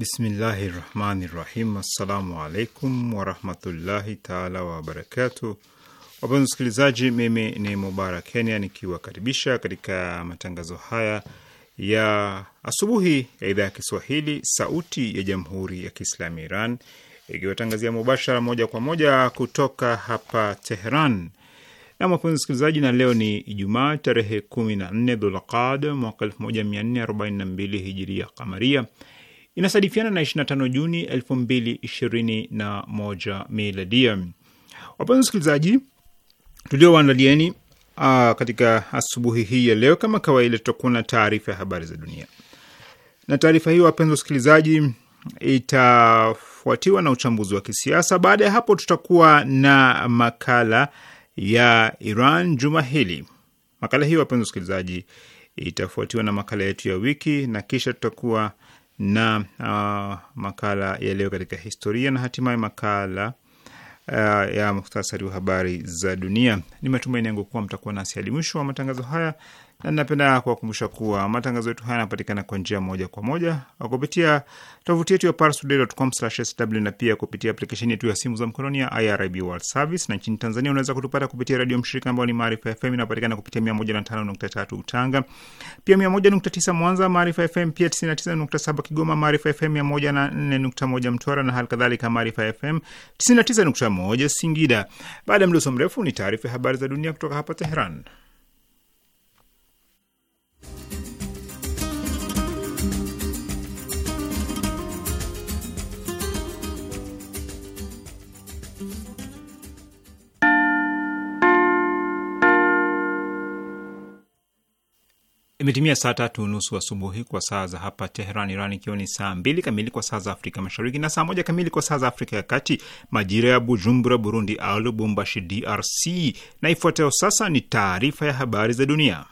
Bismillahi rahmani rahim. Assalamu alaikum warahmatullahi taala wabarakatu. Wapenzi wasikilizaji, mimi ni Mubarak Kenya nikiwakaribisha katika matangazo haya ya asubuhi ya idhaa ya Kiswahili sauti ya jamhuri ya Kiislamu ya Iran ikiwatangazia mubashara moja kwa moja kutoka hapa Teheran. na wapenzi wasikilizaji, na leo ni Ijumaa tarehe 14 Dhulqad mwaka 1442 hijiria kamaria inasadifiana na 25 Juni 2021 miladia. Wapenzi wasikilizaji, tuliowaandalieni uh, katika asubuhi hii ya leo, kama kawaida, tutakuwa na taarifa ya habari za dunia, na taarifa hiyo wapenzi wasikilizaji, itafuatiwa na uchambuzi wa kisiasa. Baada ya hapo, tutakuwa na makala ya Iran juma hili. Makala hiyo wapenzi wasikilizaji, itafuatiwa na makala yetu ya wiki na kisha tutakuwa na uh, makala ya leo katika historia na hatimaye makala uh, ya muhtasari wa habari za dunia. Ni matumaini yangu kuwa mtakuwa nasi hadi mwisho wa matangazo haya na ninapenda kuwakumbusha kuwa matangazo yetu haya yanapatikana kwa njia moja kwa moja uh, kupitia tovuti yetu ya parstoday.com/sw na pia kupitia aplikesheni yetu ya simu za mkononi ya IRIB World Service, na nchini Tanzania unaweza kutupata kupitia redio mshirika ambayo ni Maarifa FM, inapatikana kupitia 105.3 Tanga, pia 101.9 Mwanza, Maarifa FM, pia 99.7 Kigoma, Maarifa FM 104.1 Mtwara na hali kadhalika Maarifa FM 99.1 Singida. Baada ya mdoso mrefu ni taarifa ya habari za dunia kutoka hapa Teheran. Imetimia saa tatu nusu asubuhi kwa saa za hapa Teheran, Iran, ikiwa ni saa mbili kamili kwa saa za Afrika Mashariki na saa moja kamili kwa saa za Afrika ya Kati, majira ya Bujumbura, Burundi, au Lubumbashi, DRC. Na ifuatayo sasa ni taarifa ya habari za dunia.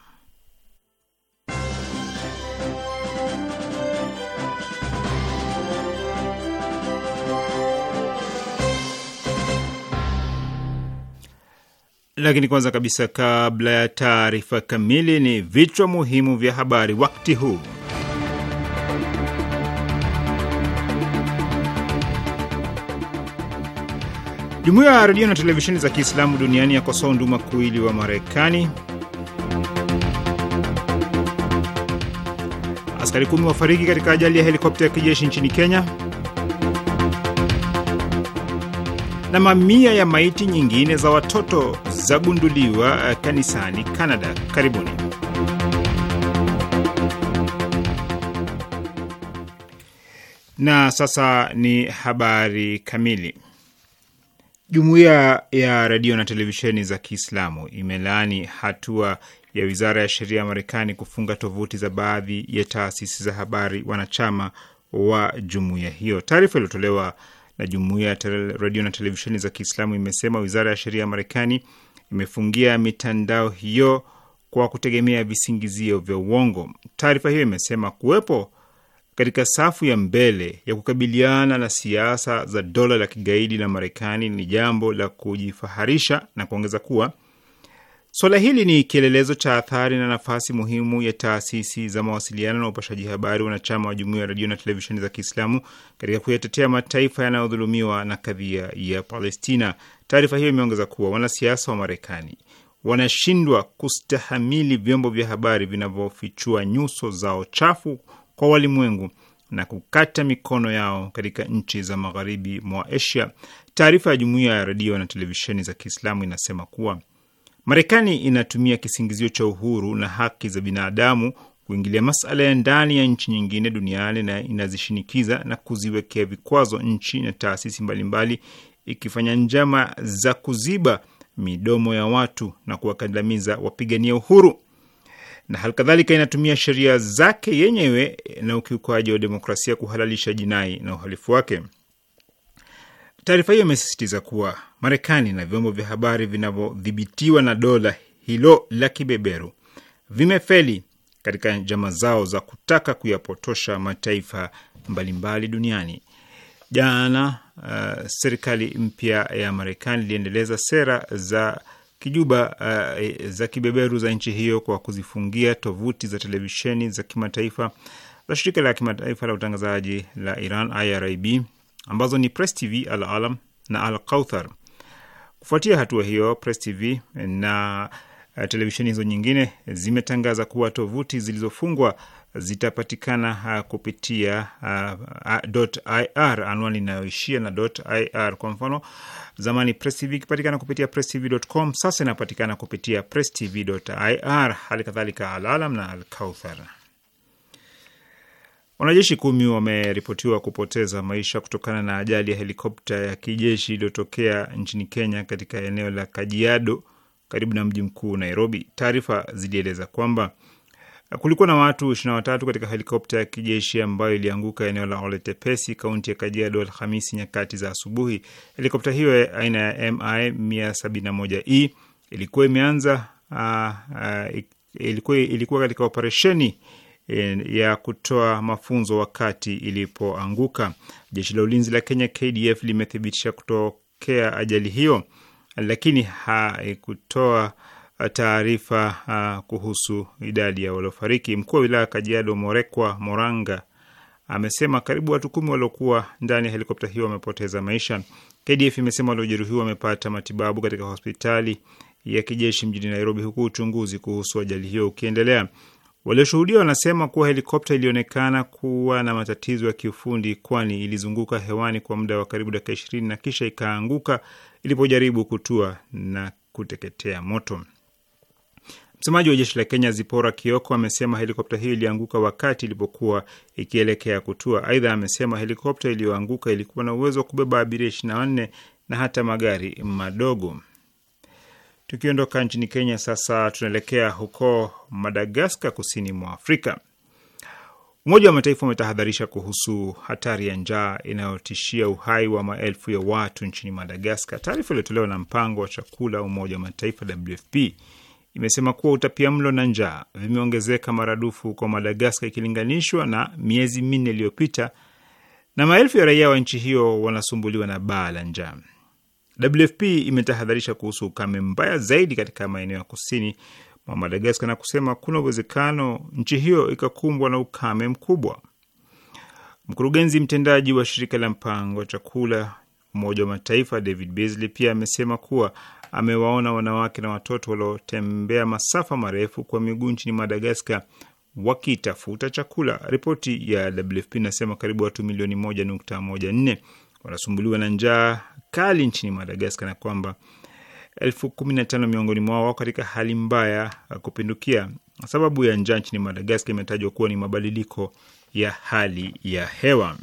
Lakini kwanza kabisa, kabla ya taarifa kamili, ni vichwa muhimu vya habari wakati huu. Jumuiya ya redio na televisheni za Kiislamu duniani yakosoa unduma kuili wa Marekani. Askari kumi wafariki katika ajali ya helikopta ya kijeshi nchini Kenya, na mamia ya maiti nyingine za watoto zagunduliwa eh, kanisani Canada. Karibuni. Na sasa ni habari kamili. Jumuiya ya redio na televisheni za Kiislamu imelaani hatua ya wizara ya sheria ya Marekani kufunga tovuti za baadhi ya taasisi za habari wanachama wa jumuiya hiyo. Taarifa iliyotolewa na jumuiya ya redio na televisheni za Kiislamu imesema wizara ya sheria ya Marekani imefungia mitandao hiyo kwa kutegemea visingizio vya uongo. Taarifa hiyo imesema kuwepo katika safu ya mbele ya kukabiliana na siasa za dola la kigaidi la Marekani ni jambo la kujifaharisha na kuongeza kuwa Suala hili ni kielelezo cha athari na nafasi muhimu ya taasisi za mawasiliano na upashaji habari wanachama wa jumuiya ya redio na televisheni za Kiislamu katika kuyatetea mataifa yanayodhulumiwa na kadhia ya Palestina. Taarifa hiyo imeongeza kuwa wanasiasa wa Marekani wanashindwa kustahamili vyombo vya habari vinavyofichua nyuso zao chafu kwa walimwengu na kukata mikono yao katika nchi za magharibi mwa Asia. Taarifa ya jumuiya ya redio na televisheni za Kiislamu inasema kuwa Marekani inatumia kisingizio cha uhuru na haki za binadamu kuingilia masala ya ndani ya nchi nyingine duniani na inazishinikiza na kuziwekea vikwazo nchi na taasisi mbalimbali mbali, ikifanya njama za kuziba midomo ya watu na kuwakandamiza wapigania uhuru na hali kadhalika inatumia sheria zake yenyewe na ukiukaji wa demokrasia kuhalalisha jinai na uhalifu wake. Taarifa hiyo imesisitiza kuwa Marekani na vyombo vya habari vinavyodhibitiwa na dola hilo la kibeberu vimefeli katika njama zao za kutaka kuyapotosha mataifa mbalimbali duniani. Jana uh, serikali mpya ya Marekani iliendeleza sera za kijuba uh, za kibeberu za nchi hiyo kwa kuzifungia tovuti za televisheni za kimataifa za shirika la kimataifa la utangazaji la Iran IRIB ambazo ni Press TV, Al Alam na Al Kauthar. Kufuatia hatua hiyo, Press TV na eh, televisheni hizo nyingine zimetangaza kuwa tovuti zilizofungwa zitapatikana eh, kupitia eh, .ir, anwani inayoishia na .ir. Kwa mfano, zamani Press TV ikipatikana kupitia presstv.com, sasa inapatikana kupitia presstv.ir. Hali kadhalika Alalam na Alkauthar. Wanajeshi kumi wameripotiwa kupoteza maisha kutokana na ajali ya helikopta ya kijeshi iliyotokea nchini Kenya katika eneo la Kajiado karibu na mji mkuu Nairobi. Taarifa zilieleza kwamba kulikuwa na watu ishirini na watatu katika helikopta ya kijeshi ambayo ilianguka eneo la Oletepesi, kaunti ya Kajiado, Alhamisi nyakati za asubuhi. Helikopta hiyo aina ya MI 171E ilikuwa imeanza uh, uh, ilikuwa, ilikuwa katika operesheni Eh, ya kutoa mafunzo wakati ilipoanguka. Jeshi la ulinzi la Kenya KDF limethibitisha kutokea ajali hiyo, lakini haikutoa taarifa uh, kuhusu idadi ya waliofariki. Mkuu wa wilaya Kajiado Morekwa Moranga amesema karibu watu kumi waliokuwa ndani ya helikopta hiyo wamepoteza maisha. KDF imesema waliojeruhiwa wamepata matibabu katika hospitali ya kijeshi mjini Nairobi, huku uchunguzi kuhusu ajali hiyo ukiendelea. Walioshuhudia wanasema kuwa helikopta ilionekana kuwa na matatizo ya kiufundi, kwani ilizunguka hewani kwa muda wa karibu dakika ishirini na kisha ikaanguka ilipojaribu kutua na kuteketea moto. Msemaji wa jeshi la Kenya Zipora Kioko amesema helikopta hiyo ilianguka wakati ilipokuwa ikielekea kutua. Aidha amesema helikopta iliyoanguka ilikuwa na uwezo wa kubeba abiria wanne na hata magari madogo. Tukiondoka nchini Kenya sasa, tunaelekea huko Madagaskar, kusini mwa Afrika. Umoja wa Mataifa umetahadharisha kuhusu hatari ya njaa inayotishia uhai wa maelfu ya watu nchini Madagaskar. Taarifa iliyotolewa na mpango wa chakula Umoja wa Mataifa WFP imesema kuwa utapia mlo na njaa vimeongezeka maradufu kwa Madagaskar ikilinganishwa na miezi minne iliyopita, na maelfu ya raia wa nchi hiyo wanasumbuliwa na baa la njaa. WFP imetahadharisha kuhusu ukame mbaya zaidi katika maeneo ya kusini mwa Madagaskar na kusema kuna uwezekano nchi hiyo ikakumbwa na ukame mkubwa. Mkurugenzi mtendaji wa shirika la mpango wa chakula Umoja wa Mataifa David Beasley pia amesema kuwa amewaona wanawake na watoto waliotembea masafa marefu kwa miguu nchini Madagaskar wakitafuta chakula. Ripoti ya WFP inasema karibu watu milioni moja nukta moja nne wanasumbuliwa na njaa kali nchini Madagaskar na kwamba elfu kumi na tano miongoni mwao wako katika hali mbaya kupindukia. Sababu ya njaa nchini Madagaskar imetajwa kuwa ni mabadiliko ya hali ya hewa.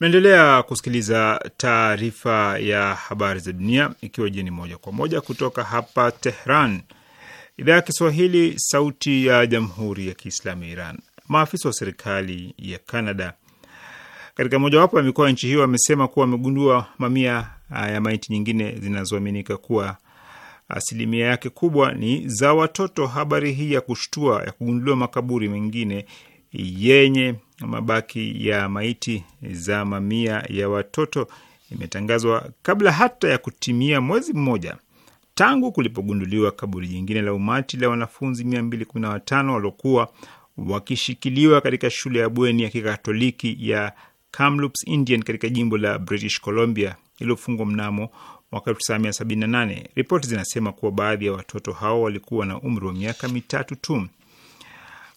Naendelea kusikiliza taarifa ya habari za dunia ikiwa jeni moja kwa moja kutoka hapa Tehran, idhaa ya Kiswahili, sauti ya jamhuri ya kiislamu ya Iran. Maafisa wa serikali ya Kanada katika mojawapo ya mikoa ya nchi hiyo amesema kuwa wamegundua mamia ah, ya maiti nyingine zinazoaminika kuwa asilimia yake kubwa ni za watoto. Habari hii ya kushtua ya kugunduliwa makaburi mengine yenye mabaki ya maiti za mamia ya watoto imetangazwa kabla hata ya kutimia mwezi mmoja tangu kulipogunduliwa kaburi jingine la umati la wanafunzi 215 waliokuwa wakishikiliwa katika shule ya bweni ya Kikatoliki ya Kamloops Indian katika jimbo la British Columbia iliyofungwa mnamo mwaka 1978. Ripoti zinasema kuwa baadhi ya watoto hao walikuwa na umri wa miaka mitatu tu.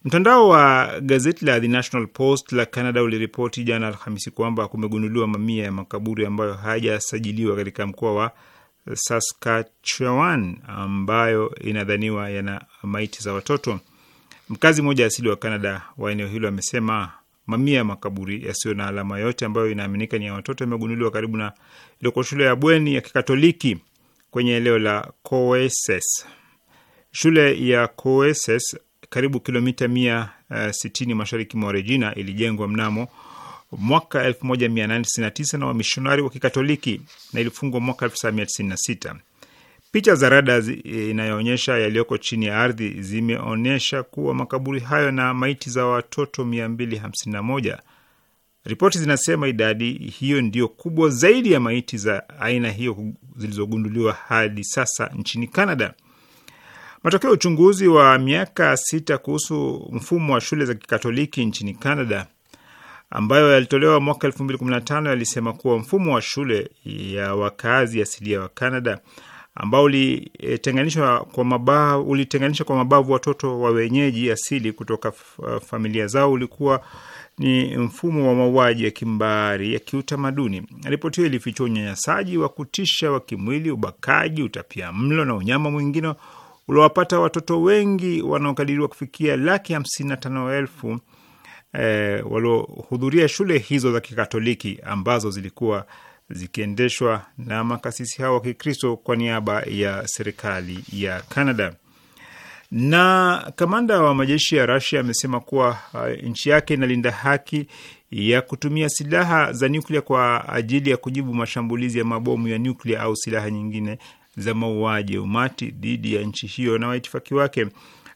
Mtandao wa gazeti la The National Post la Canada uliripoti jana Alhamisi kwamba kumegunduliwa mamia ya makaburi ambayo hayajasajiliwa katika mkoa wa Saskatchewan ambayo inadhaniwa yana maiti za watoto. Mkazi mmoja asili wa Canada wa eneo hilo amesema mamia ya makaburi yasiyo na alama yote ambayo inaaminika ni ya watoto yamegunduliwa karibu na iliyoko shule ya bweni ya Kikatoliki kwenye eneo la coeses Shule ya coeses karibu kilomita mia uh, sitini mashariki mwa Regina ilijengwa mnamo mwaka 1899 na wamishonari wa Kikatoliki na ilifungwa mwaka 1996. Picha za rada e, inayoonyesha yaliyoko chini ya ardhi zimeonyesha kuwa makaburi hayo na maiti za watoto 251. Ripoti zinasema idadi hiyo ndiyo kubwa zaidi ya maiti za aina hiyo zilizogunduliwa hadi sasa nchini Canada. Matokeo ya uchunguzi wa miaka sita kuhusu mfumo wa shule za Kikatoliki nchini Canada ambayo yalitolewa mwaka 2015 yalisema kuwa mfumo wa shule ya wakazi asilia wa Canada ambao ulitenganishwa eh, kwa mabavu, ulitenganisha kwa mabavu watoto wa wenyeji asili kutoka eh, familia zao ulikuwa ni mfumo wa mauaji ya kimbari ya kiutamaduni. Ripoti hiyo ilifichua unyanyasaji wa kutisha wa kimwili, ubakaji, utapia mlo na unyama mwingine uliowapata watoto wengi wanaokadiriwa kufikia laki hamsini na tano elfu eh, waliohudhuria shule hizo za Kikatoliki ambazo zilikuwa zikiendeshwa na makasisi hao wa Kikristo kwa niaba ya serikali ya Canada. Na kamanda wa majeshi ya Rasia amesema kuwa uh, nchi yake inalinda haki ya kutumia silaha za nyuklia kwa ajili ya kujibu mashambulizi ya mabomu ya nyuklia au silaha nyingine za mauaji ya umati dhidi ya nchi hiyo na waitifaki wake.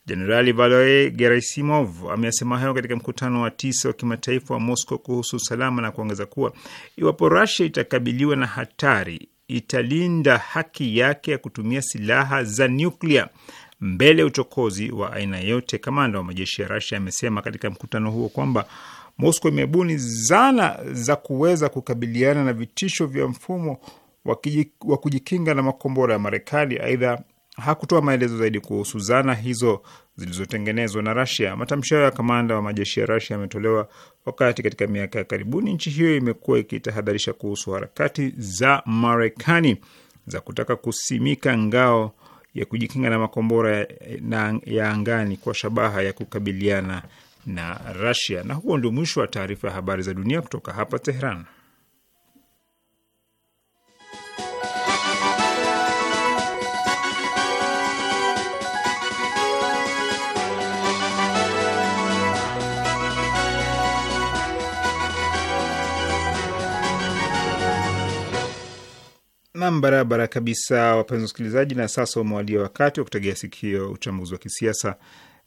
Jenerali Valery Gerasimov amesema hayo katika mkutano wa tisa wa kimataifa wa Moscow kuhusu usalama na kuongeza kuwa iwapo Rusia itakabiliwa na hatari, italinda haki yake ya kutumia silaha za nyuklia mbele ya uchokozi wa aina yote. Kamanda wa majeshi ya Rusia amesema katika mkutano huo kwamba Moscow imebuni zana za kuweza kukabiliana na vitisho vya mfumo wa kujikinga na makombora ya Marekani. Aidha, hakutoa maelezo zaidi kuhusu zana hizo zilizotengenezwa na Rasia. Matamshi hayo ya kamanda wa majeshi ya Rasia yametolewa wakati katika miaka ya karibuni nchi hiyo imekuwa ikitahadharisha kuhusu harakati za Marekani za kutaka kusimika ngao ya kujikinga na makombora ya angani kwa shabaha ya kukabiliana na Rasia. Na huo ndio mwisho wa taarifa ya habari za dunia kutoka hapa teheran Nam, barabara kabisa, wapenzi wasikilizaji, na sasa umewadia wakati wa kutegea sikio uchambuzi wa kisiasa,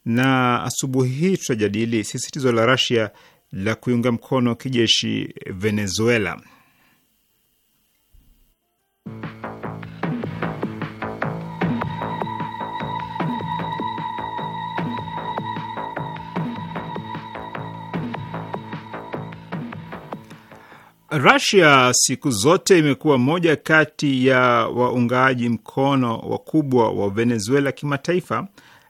na asubuhi hii tutajadili sisitizo la Rasia la kuiunga mkono kijeshi Venezuela. rasia siku zote imekuwa moja kati ya waungaji mkono wakubwa wa Venezuela kimataifa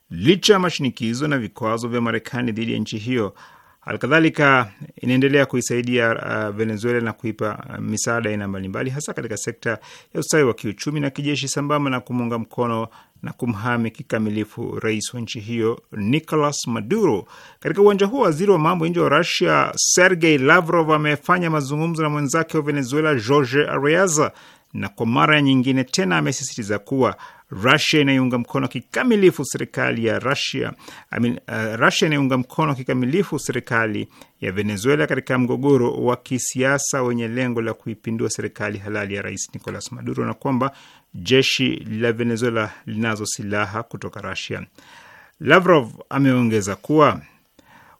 licha ya mashinikizo na vikwazo vya Marekani dhidi ya nchi hiyo. Halikadhalika inaendelea kuisaidia uh, Venezuela na kuipa uh, misaada aina mbalimbali, hasa katika sekta ya ustawi wa kiuchumi na kijeshi, sambamba na kumuunga mkono na kumhami kikamilifu rais wa nchi hiyo Nicolas Maduro. Katika uwanja huo, waziri wa mambo ya nje wa Rusia Sergei Lavrov amefanya mazungumzo na mwenzake wa Venezuela Jorge Arreaza, na kwa mara nyingine tena amesisitiza kuwa Rusia inaunga mkono kikamilifu serikali ya Rusia. I mean, uh, Rusia inaunga mkono kikamilifu serikali ya Venezuela katika mgogoro wa kisiasa wenye lengo la kuipindua serikali halali ya rais Nicolas Maduro, na kwamba jeshi la Venezuela linazo silaha kutoka Rasia. Lavrov ameongeza kuwa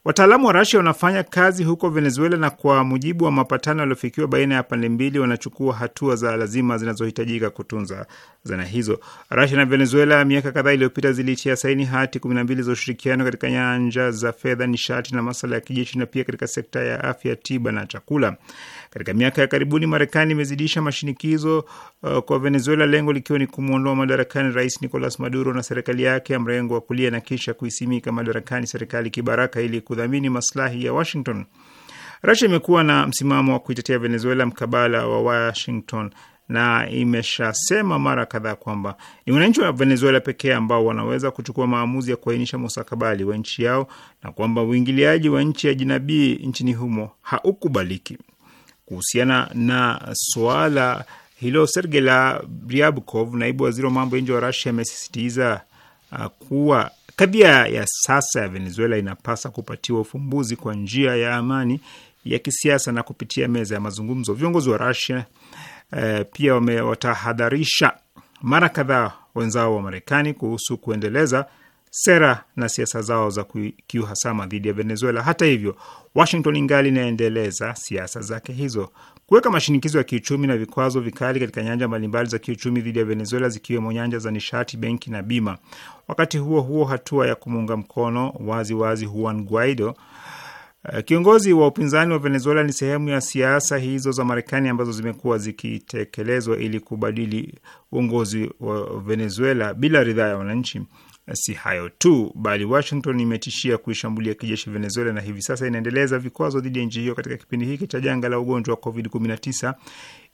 wataalamu wa Rasia wanafanya kazi huko Venezuela na kwa mujibu wa mapatano yaliyofikiwa baina ya pande mbili, wanachukua hatua za lazima zinazohitajika kutunza zana hizo. Rasia na Venezuela miaka kadhaa iliyopita zilitia saini hati kumi na mbili za ushirikiano katika nyanja za fedha, nishati na masala ya kijeshi na pia katika sekta ya afya, tiba na chakula. Katika miaka ya karibuni, Marekani imezidisha mashinikizo uh, kwa Venezuela, lengo likiwa ni kumwondoa madarakani Rais Nicolas Maduro na serikali yake ya mrengo wa kulia na kisha kuisimika madarakani serikali kibaraka ili kudhamini maslahi ya Washington. Rusia imekuwa na msimamo wa kuitetea Venezuela mkabala wa Washington na imeshasema mara kadhaa kwamba ni wananchi wa Venezuela pekee ambao wanaweza kuchukua maamuzi ya kuainisha mustakabali wa nchi yao na kwamba uingiliaji wa nchi ya jinabii nchini humo haukubaliki. Kuhusiana na suala hilo, la Ryabkov, naibu waziri wa mambo ya nje wa Rusia, amesisitiza uh, kuwa kadhia ya sasa ya Venezuela inapasa kupatiwa ufumbuzi kwa njia ya amani ya kisiasa na kupitia meza ya mazungumzo. Viongozi wa Rusia uh, pia wamewatahadharisha mara kadhaa wenzao wa Marekani kuhusu kuendeleza sera na siasa zao za kiuhasama dhidi ya Venezuela. Hata hivyo, Washington ingali inaendeleza siasa zake hizo, kuweka mashinikizo ya kiuchumi na vikwazo vikali katika nyanja mbalimbali za kiuchumi dhidi ya Venezuela, zikiwemo nyanja za nishati, benki na bima. Wakati huo huo, hatua ya kumuunga mkono wazi wazi Juan Guaido, eh, kiongozi wa upinzani wa Venezuela, ni sehemu ya siasa hizo za Marekani ambazo zimekuwa zikitekelezwa ili kubadili uongozi wa Venezuela bila ridhaa ya wananchi. Si hayo tu, bali Washington imetishia kuishambulia kijeshi Venezuela na hivi sasa inaendeleza vikwazo dhidi ya nchi hiyo katika kipindi hiki cha janga la ugonjwa wa COVID-19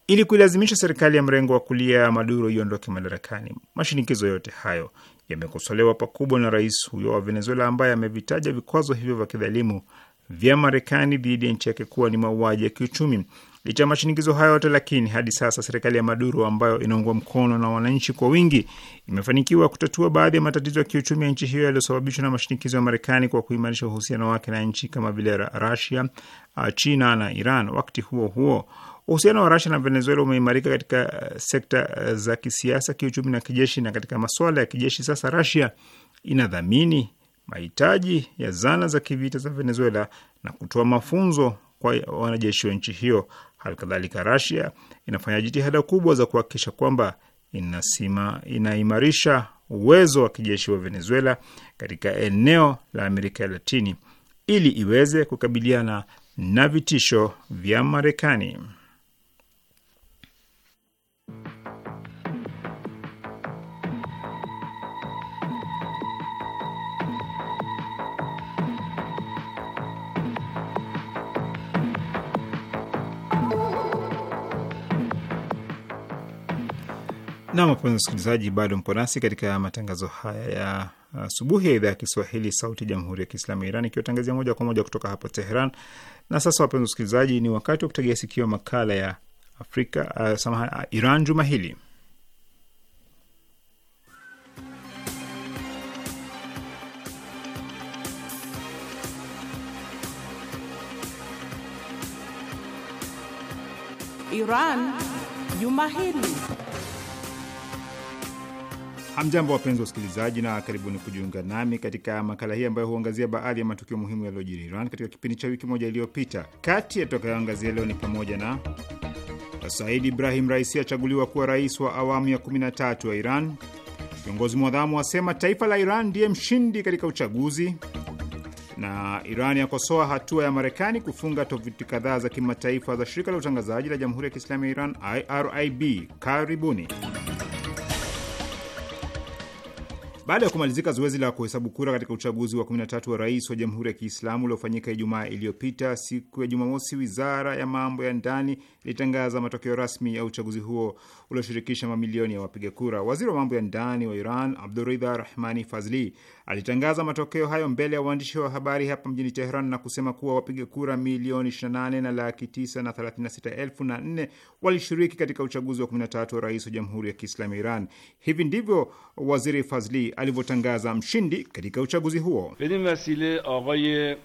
ili kuilazimisha serikali ya mrengo wa kulia ya Maduro iondoke madarakani. Mashinikizo yote hayo yamekosolewa pakubwa na rais huyo wa Venezuela ambaye amevitaja vikwazo hivyo vya kidhalimu vya Marekani dhidi ya nchi yake kuwa ni mauaji ya kiuchumi. Licha ya mashinikizo hayo yote, lakini hadi sasa serikali ya Maduro ambayo inaungwa mkono na wananchi kwa wingi imefanikiwa kutatua baadhi ya matatizo ya kiuchumi ya nchi hiyo yaliyosababishwa na mashinikizo ya Marekani kwa kuimarisha uhusiano wake na nchi kama vile Rasia, uh, China na Iran. Wakati huo huo, uhusiano wa Rasia na Venezuela umeimarika katika uh, sekta uh, za kisiasa, kiuchumi na kijeshi. Na katika masuala ya kijeshi, sasa Rasia inadhamini mahitaji ya zana za kivita za Venezuela na kutoa mafunzo kwa wanajeshi wa nchi hiyo. Halikadhalika, Rasia inafanya jitihada kubwa za kuhakikisha kwamba inasima inaimarisha uwezo wa kijeshi wa Venezuela katika eneo la Amerika ya Latini ili iweze kukabiliana na vitisho vya Marekani. Nam, wapenzi msikilizaji, bado mpo nasi katika matangazo haya ya asubuhi ya idhaa ya Kiswahili sauti ya jamhuri ya Kiislamu ya Iran ikiwatangazia moja kwa moja kutoka hapa Teheran. Na sasa, wapenzi msikilizaji, ni wakati wa kutegea sikio makala ya Afrika uh, uh, Iran juma hili Iran juma hili Hamjambo, wapenzi wa usikilizaji, na karibuni kujiunga nami katika makala hii ambayo huangazia baadhi ya matukio muhimu yaliyojiri Iran katika kipindi cha wiki moja iliyopita. Kati ya tutakayoangazia leo ni pamoja na Said Ibrahim Raisi achaguliwa kuwa rais wa awamu ya 13 wa Iran, viongozi mwadhamu wasema taifa la Iran ndiye mshindi katika uchaguzi, na Iran yakosoa hatua ya Marekani kufunga tovuti kadhaa za kimataifa za shirika la utangazaji la Jamhuri ya Kiislamu ya Iran, IRIB. Karibuni. Baada ya kumalizika zoezi la kuhesabu kura katika uchaguzi wa 13 wa rais wa Jamhuri ya Kiislamu uliofanyika Ijumaa iliyopita, siku ya Jumamosi, wizara ya mambo ya ndani ilitangaza matokeo rasmi ya uchaguzi huo ulioshirikisha mamilioni ya wapiga kura. Waziri wa mambo ya ndani wa Iran Abduridha Rahmani Fazli alitangaza matokeo hayo mbele ya waandishi wa habari hapa mjini Teheran na kusema kuwa wapiga kura milioni 28 na laki 9 na 36 elfu na 4 walishiriki katika uchaguzi wa 13 wa rais wa Jamhuri ya Kiislamu ya Iran. Hivi ndivyo waziri Fazli alivyotangaza mshindi katika uchaguzi huo. bedin vasile aghay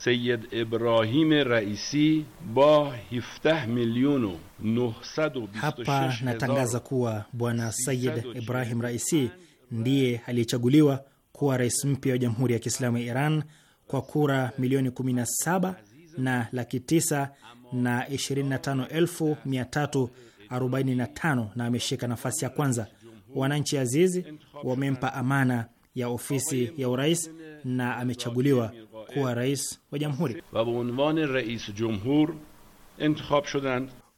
Ibrahim Raisi ba 17 milioni hapa natangaza kuwa Bwana Sayid Ibrahim Raisi ndiye aliyechaguliwa kuwa rais mpya wa Jamhuri ya Kiislamu ya Iran kwa kura milioni 17 na laki 9 na 25,345 na ameshika nafasi ya kwanza. Wananchi azizi wamempa amana ya ofisi ya urais na amechaguliwa kuwa rais wa jamhuri.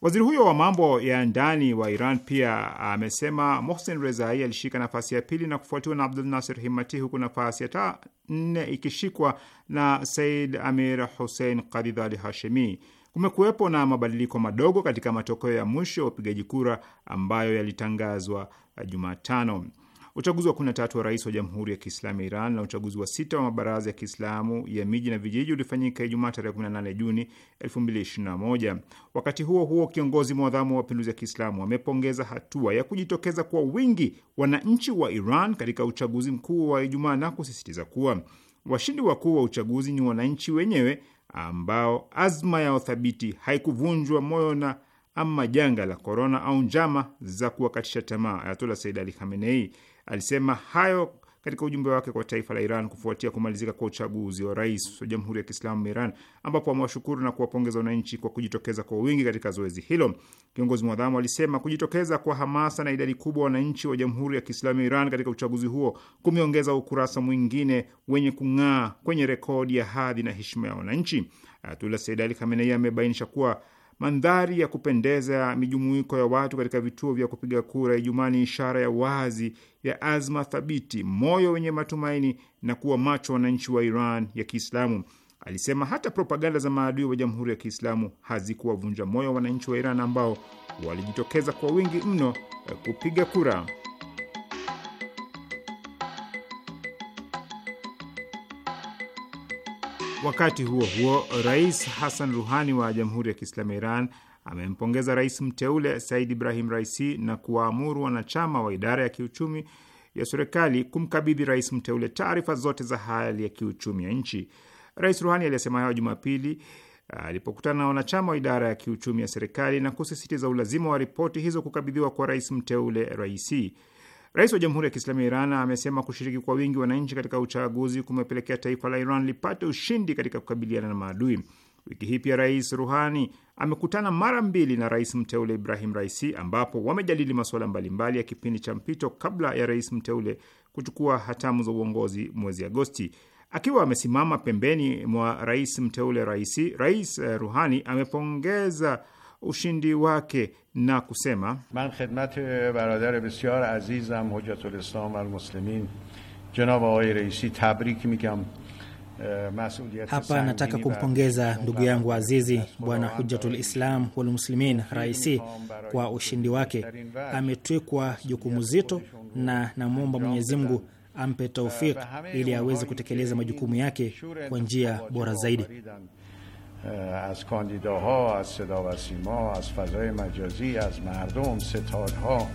Waziri huyo wa mambo ya ndani wa Iran pia amesema Mohsen Rezai alishika nafasi ya pili na kufuatiwa na Abdul Nasir Himati, huku nafasi ya ta nne ikishikwa na Said Amir Hussein Kadidhali Hashemi. Kumekuwepo na mabadiliko madogo katika matokeo ya mwisho ya upigaji kura ambayo yalitangazwa Jumatano uchaguzi wa 13 wa rais wa Jamhuri ya Kiislamu ya Iran na uchaguzi wa sita wa mabaraza ya Kiislamu ya miji na vijiji ulifanyika Ijumaa tarehe 18 Juni 221 Wakati huo huo, kiongozi mwadhamu wa mapinduzi ya Kiislamu amepongeza hatua ya kujitokeza kwa wingi wananchi wa Iran katika uchaguzi mkuu wa Ijumaa na kusisitiza kuwa washindi wakuu wa uchaguzi ni wananchi wenyewe ambao azma yao thabiti haikuvunjwa moyo na ama janga la korona au njama za kuwakatisha tamaa. Ayatola Said Ali Khamenei Alisema hayo katika ujumbe wake kwa taifa la Iran kufuatia kumalizika kwa uchaguzi wa rais wa Jamhuri ya Kiislamu Iran, ambapo amewashukuru na kuwapongeza wananchi kwa kujitokeza kwa wingi katika zoezi hilo. Kiongozi mwadhamu alisema kujitokeza kwa hamasa na idadi kubwa wananchi wa Jamhuri ya Kiislamu Iran katika uchaguzi huo kumeongeza ukurasa mwingine wenye kung'aa kwenye rekodi ya hadhi na heshima ya wananchi. Ayatullah Sayyid Ali Khamenei amebainisha kuwa Mandhari ya kupendeza ya mijumuiko ya watu katika vituo vya kupiga kura Ijumaa ni ishara ya wazi ya azma thabiti, moyo wenye matumaini na kuwa macho wananchi wa Iran ya Kiislamu. Alisema hata propaganda za maadui wa Jamhuri ya Kiislamu hazikuwavunja moyo wananchi wa Iran ambao walijitokeza kwa wingi mno kupiga kura. Wakati huo huo, Rais Hassan Ruhani wa Jamhuri ya Kiislamu ya Iran amempongeza rais mteule Said Ibrahim Raisi na kuwaamuru wanachama wa idara ya kiuchumi ya serikali kumkabidhi rais mteule taarifa zote za hali ya kiuchumi ya nchi. Rais Ruhani aliyesema hayo Jumapili uh, alipokutana na wanachama wa idara ya kiuchumi ya serikali na kusisitiza ulazima wa ripoti hizo kukabidhiwa kwa rais mteule Raisi. Rais wa Jamhuri ya Kiislamu ya Iran amesema kushiriki kwa wingi wananchi katika uchaguzi kumepelekea taifa la Iran lipate ushindi katika kukabiliana na maadui. Wiki hii pia Rais Ruhani amekutana mara mbili na rais mteule Ibrahim Raisi, ambapo wamejadili masuala mbalimbali ya kipindi cha mpito kabla ya rais mteule kuchukua hatamu za uongozi mwezi Agosti. Akiwa amesimama pembeni mwa rais mteule Raisi, Rais Ruhani amepongeza ushindi wake na kusema, man khidmat baradar besyar azizam hujjatul islam wal muslimin janab aghay raisi tabrik migam hapa nataka kumpongeza ndugu yangu azizi Bwana Hujjatul Islam wal Muslimin Raisi kwa ushindi wake. Ametwikwa jukumu zito, na namwomba Mwenyezi Mungu ampe taufik ili aweze kutekeleza majukumu yake kwa njia bora zaidi. از کاندیداها از صدا و سیما از فضای مجازی از مردم ستادها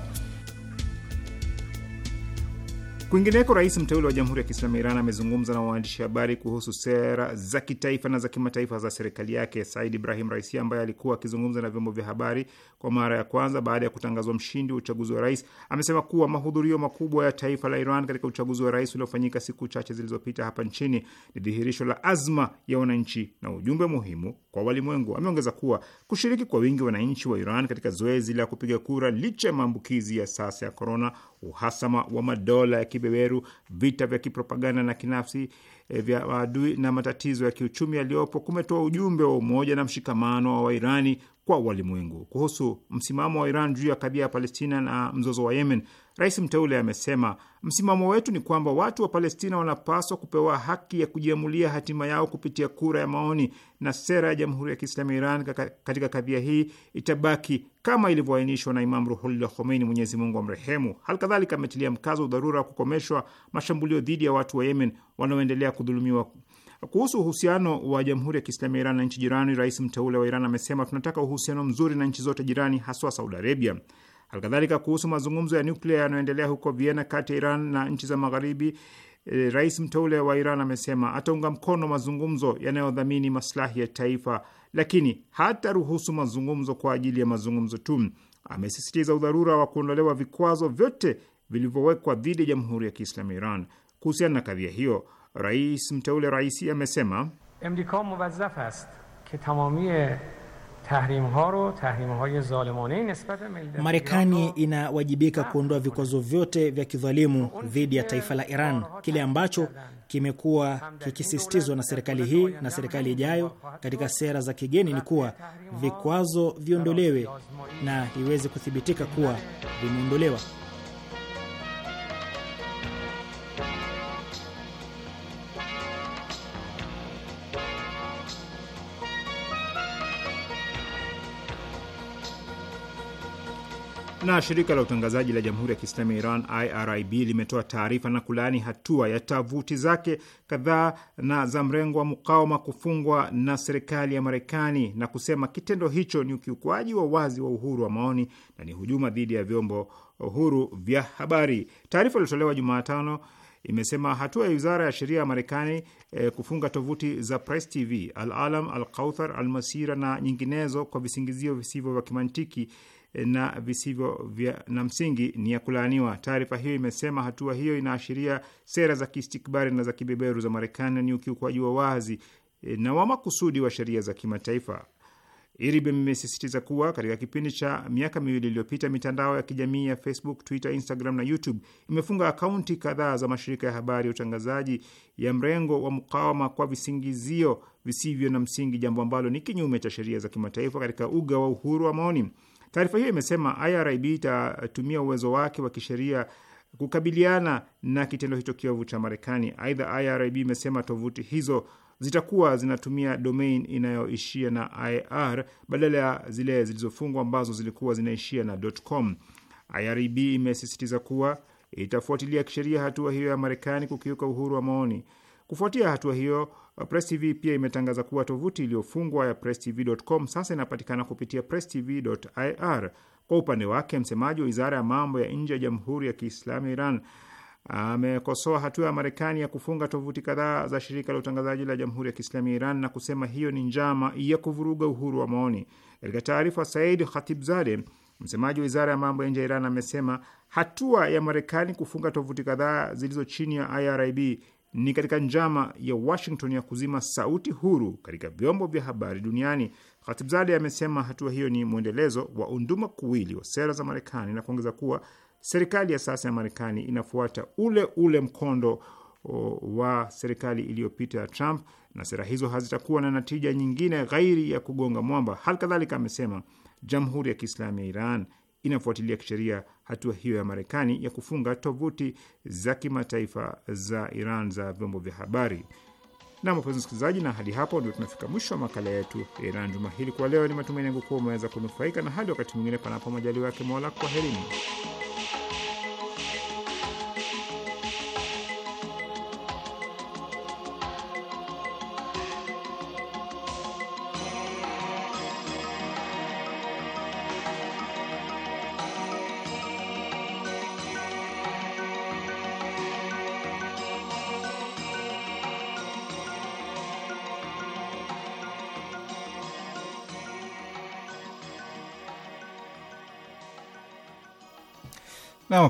Kwingineko, rais mteule wa Jamhuri ya Kiislamu Iran amezungumza na waandishi habari kuhusu sera za kitaifa na za kimataifa za serikali yake. Said Ibrahim Raisi, ambaye alikuwa akizungumza na vyombo vya habari kwa mara ya kwanza baada ya kutangazwa mshindi wa uchaguzi wa rais, amesema kuwa mahudhurio makubwa ya taifa la Iran katika uchaguzi wa rais uliofanyika siku chache zilizopita hapa nchini ni dhihirisho la azma ya wananchi na ujumbe muhimu kwa walimwengu. Ameongeza kuwa kushiriki kwa wingi wananchi wa Iran katika zoezi la kupiga kura licha ya maambukizi ya sasa ya korona uhasama wa madola ya kibeberu, vita vya kipropaganda na kinafsi e, vya maadui na matatizo ya kiuchumi yaliyopo, kumetoa ujumbe wa umoja na mshikamano wa Wairani kwa walimwengu. Kuhusu msimamo wa Iran juu ya kadhia ya Palestina na mzozo wa Yemen, rais mteule amesema, msimamo wetu ni kwamba watu wa Palestina wanapaswa kupewa haki ya kujiamulia hatima yao kupitia kura ya maoni, na sera ya Jamhuri ya Kiislamu ya Iran katika kadhia hii itabaki kama ilivyoainishwa na Imam Ruhullah Khomeini, Mwenyezi Mungu amrehemu. Hali kadhalika ametilia mkazo udharura wa kukomeshwa mashambulio dhidi ya watu wa Yemen wanaoendelea kudhulumiwa kuhusu uhusiano wa Jamhuri ya Kiislamu ya Iran na nchi jirani, rais mteule wa Iran amesema tunataka uhusiano mzuri na nchi zote jirani, haswa Saudi Arabia. Halikadhalika, kuhusu mazungumzo ya nuklia yanayoendelea huko Vienna kati ya Iran na nchi za Magharibi, e, rais mteule wa Iran amesema ataunga mkono mazungumzo yanayodhamini maslahi ya taifa, lakini hataruhusu mazungumzo kwa ajili ya mazungumzo tu. Amesisitiza udharura wa kuondolewa vikwazo vyote vilivyowekwa dhidi ya Jamhuri ya Kiislamu ya Iran. Kuhusiana na kadhia hiyo Rais mteule Raisi amesema Marekani inawajibika kuondoa vikwazo vyote vya kidhalimu dhidi ya taifa la Iran, kile ambacho kimekuwa kikisisitizwa na serikali hii na serikali ijayo katika sera za kigeni ni kuwa vikwazo viondolewe na iweze kuthibitika kuwa vimeondolewa. Na shirika la utangazaji la Jamhuri ya Kiislamu ya Iran IRIB limetoa taarifa na kulaani hatua ya tavuti zake kadhaa na za mrengo wa mukawama kufungwa na serikali ya Marekani na kusema kitendo hicho ni ukiukwaji wa wazi wa uhuru wa maoni na ni hujuma dhidi ya vyombo uhuru vya habari. Taarifa iliyotolewa Jumatano imesema hatua ya wizara ya sheria ya Marekani e, kufunga tovuti za Press TV, Al Alam, Al Kauthar, Al Masira na nyinginezo kwa visingizio visivyo vya kimantiki na visivyo vya na msingi ni ya kulaaniwa. Taarifa hiyo imesema hatua hiyo inaashiria sera za kiistikbari na za kibeberu za Marekani ni ukiukwaji wa wazi e, na wa makusudi wa sheria za kimataifa. IRIBEM imesisitiza kuwa katika kipindi cha miaka miwili iliyopita mitandao ya kijamii ya Facebook, Twitter, Instagram na YouTube imefunga akaunti kadhaa za mashirika ya habari ya utangazaji ya mrengo wa mukawama kwa visingizio visivyo na msingi, jambo ambalo ni kinyume cha sheria za kimataifa katika uga wa uhuru wa maoni. Taarifa hiyo imesema IRIB itatumia uwezo wake wa kisheria kukabiliana na kitendo hicho kiovu cha Marekani. Aidha, IRIB imesema tovuti hizo zitakuwa zinatumia domain inayoishia na ir badala ya zile zilizofungwa ambazo zilikuwa zinaishia na .com. IRIB imesisitiza kuwa itafuatilia kisheria hatua hiyo ya Marekani kukiuka uhuru wa maoni. Kufuatia hatua hiyo, Press TV pia imetangaza kuwa tovuti iliyofungwa ya presstv.com sasa inapatikana kupitia presstv.ir. Kwa upande wake, msemaji wa wizara ya mambo ya nje ya Jamhuri ya Kiislamu Iran amekosoa hatua ya Marekani ya kufunga tovuti kadhaa za shirika la utangazaji la Jamhuri ya Kiislamu ya Iran na kusema hiyo ni njama ya kuvuruga uhuru wa maoni. Katika taarifa, Said Khatibzadeh, msemaji wa wizara ya mambo ya nje ya Iran, amesema hatua ya Marekani kufunga tovuti kadhaa zilizo chini ya IRIB ni katika njama ya Washington ya kuzima sauti huru katika vyombo vya habari duniani. Khatibzade amesema hatua hiyo ni mwendelezo wa unduma kuwili wa sera za Marekani na kuongeza kuwa serikali ya sasa ya Marekani inafuata ule ule mkondo wa serikali iliyopita ya Trump na sera hizo hazitakuwa na natija nyingine ghairi ya kugonga mwamba. Hali kadhalika amesema Jamhuri ya Kiislamu ya Iran inafuatilia kisheria hatua hiyo ya Marekani ya kufunga tovuti za kimataifa za Iran za vyombo vya habari. Na wapenzi msikilizaji, na hadi hapo ndio tunafika mwisho wa makala yetu ya Iran juma hili kwa leo. Ni matumaini yangu kuwa umeweza kunufaika, na hadi wakati mwingine, panapo majaliwa yake Mola, kwaherini.